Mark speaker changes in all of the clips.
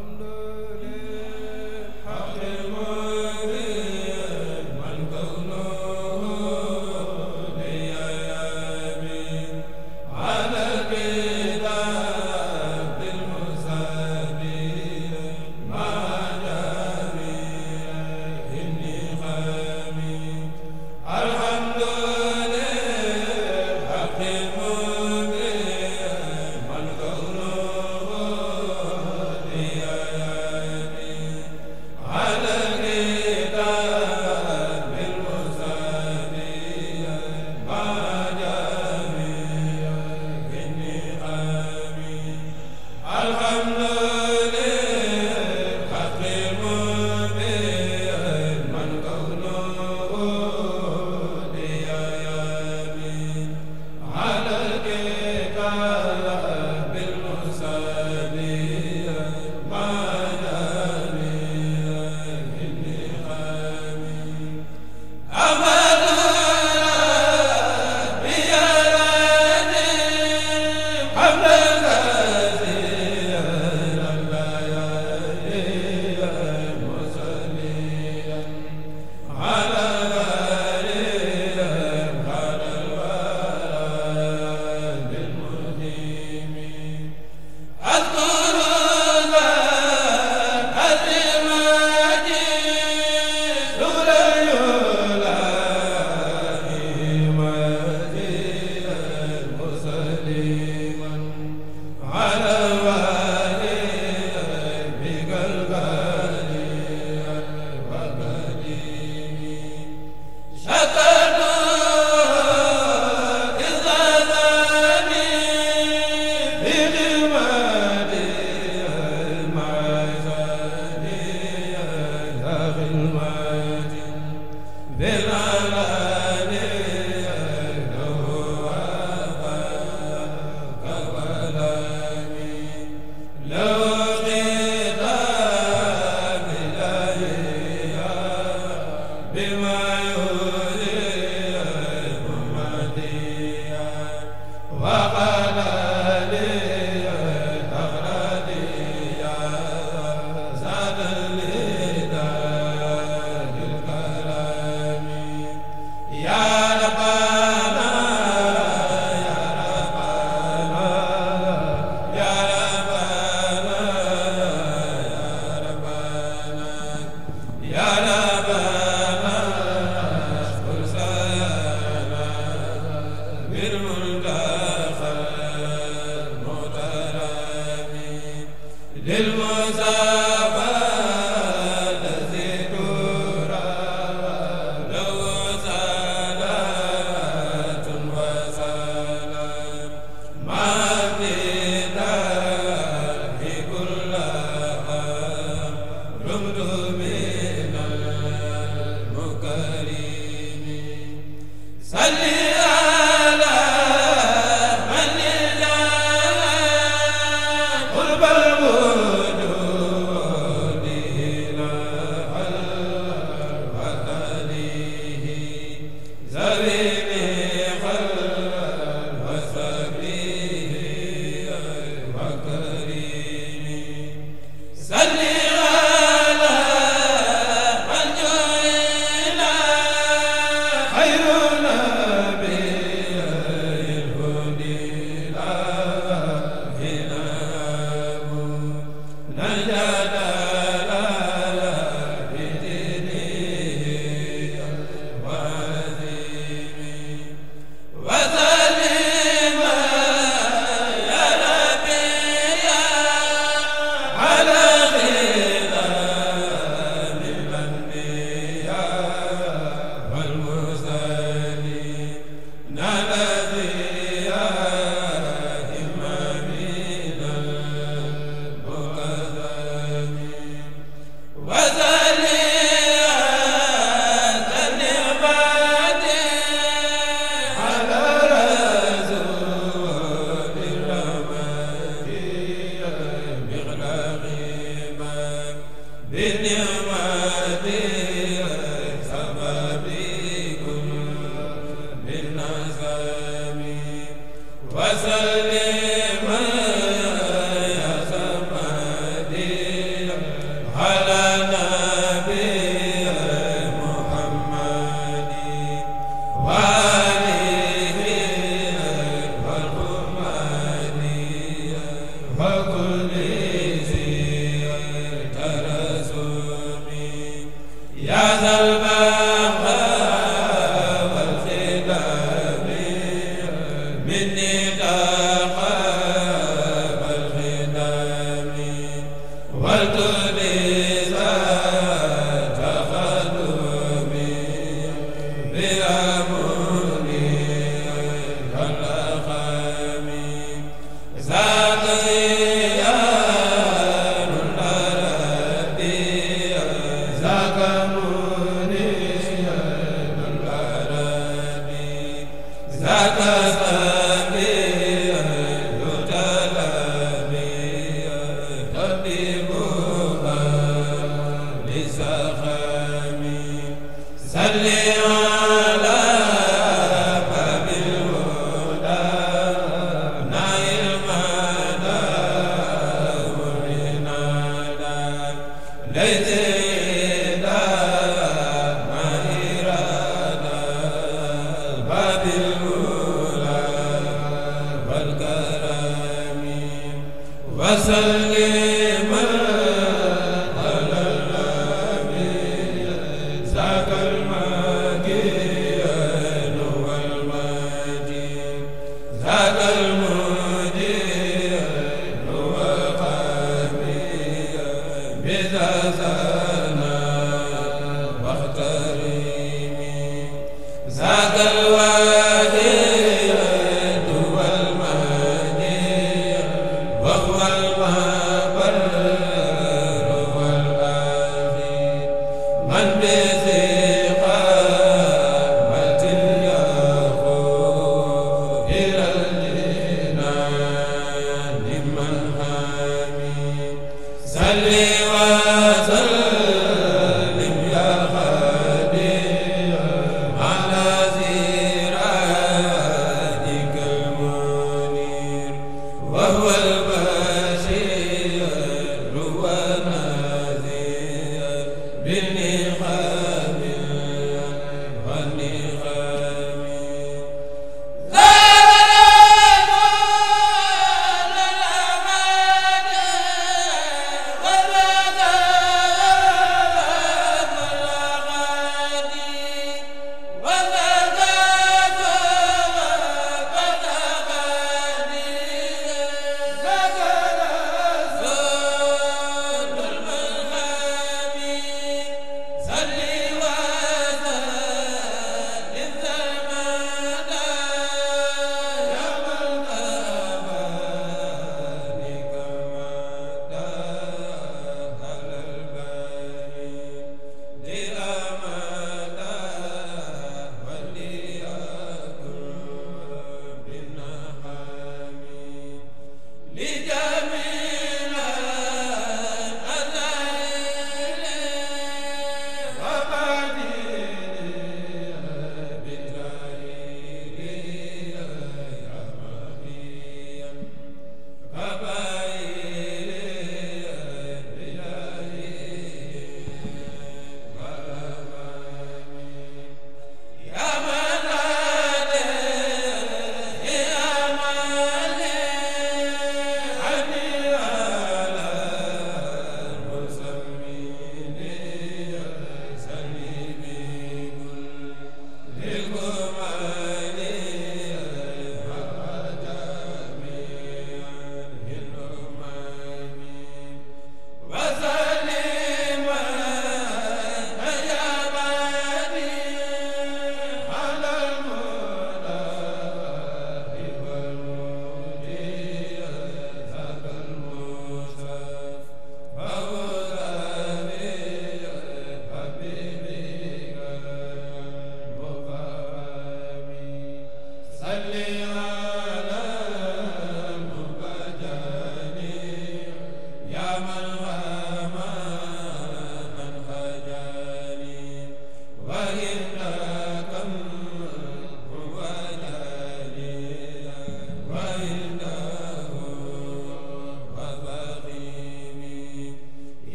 Speaker 1: alhamdulillah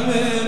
Speaker 1: amiin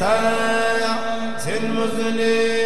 Speaker 2: sa sin
Speaker 1: muslim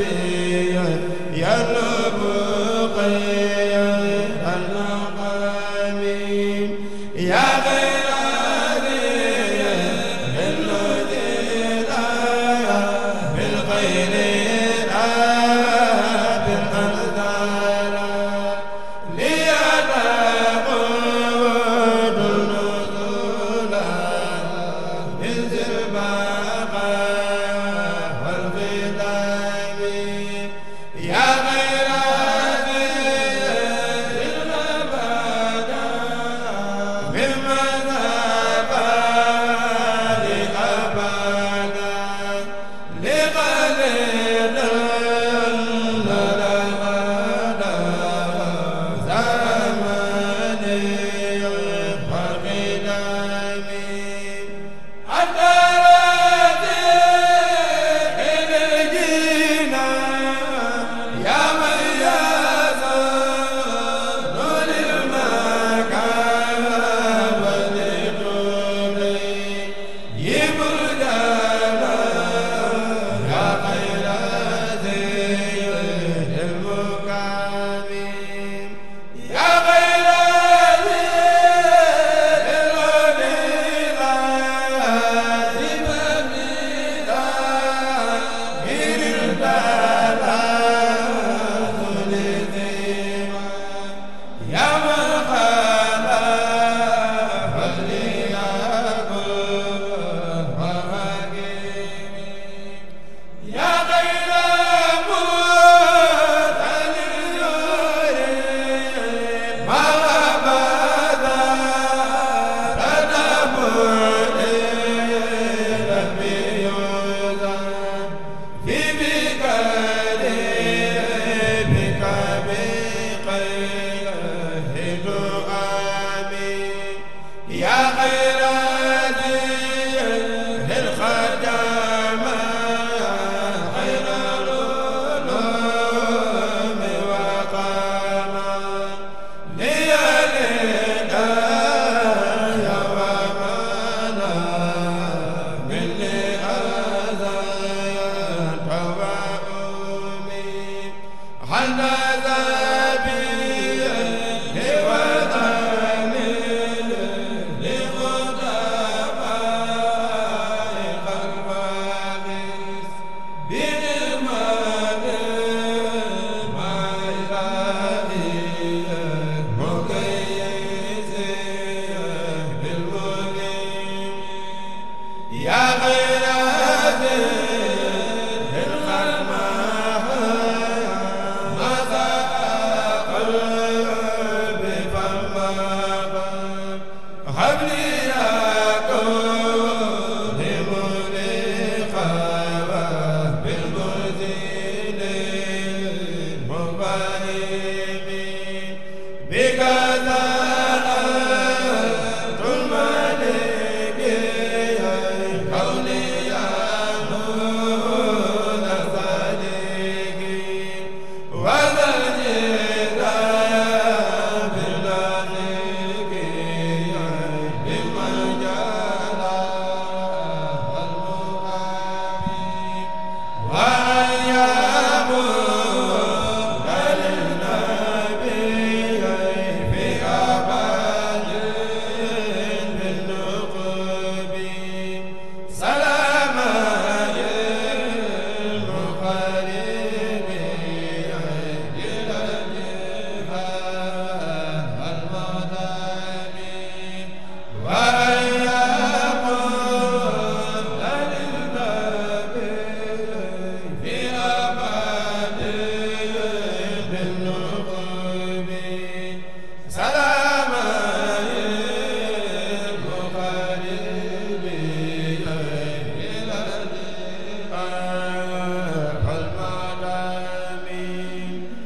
Speaker 1: bi ya nabqi